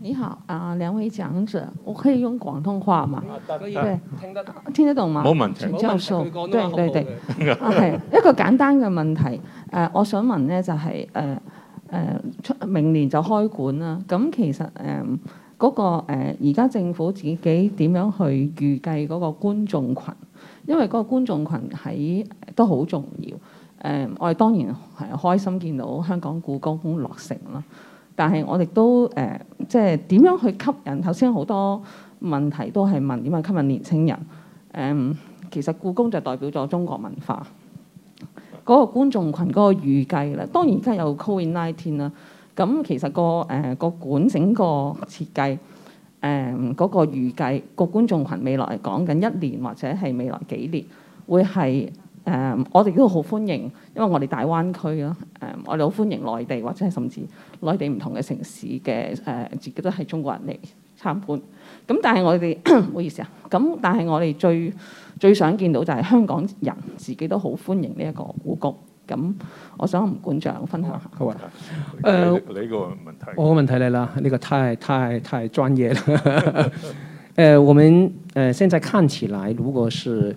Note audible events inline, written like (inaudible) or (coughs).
你好，啊，兩位講者，我可以用廣東話嘛？聽得聽得到得懂嘛？冇問題。鄭教授、 (laughs) 啊，係一個簡單嘅問題、呃。我想問咧，就係、是呃、明年就開館啦。咁其實誒嗰、呃嗰個而家、呃、政府自己點樣去預計嗰個觀眾群？因為嗰個觀眾群喺都好重要。呃、我哋當然係開心見到香港故宮落成啦。但係我哋都誒、呃，即係點樣去吸引？頭先好多問題都係問點樣吸引年青人。誒、嗯，其實故宮就代表咗中國文化。嗰、那個觀眾群嗰個預計咧，當然而家有 COVID nineteen 啦。咁其實、那個誒個館整個設計誒嗰、嗯，那個預計、那個觀眾群未來講緊一年或者係未來幾年會係。誒、um,，我哋都好歡迎，因為我哋大灣區咯。誒、um,，我哋好歡迎內地或者甚至內地唔同嘅城市嘅誒、呃，自己都係中國人嚟參觀。咁但係我哋，唔 (coughs) 好意思啊。咁但係我哋最最想見到就係香港人自己都好歡迎呢一個故宮。咁我想吳館長分享下。好啊。誒，呢、uh, 個問題，我個問題嚟啦。呢個太太太專業啦。誒 (laughs) (laughs) ，uh, 我們誒、uh, 現在看起來，如果是，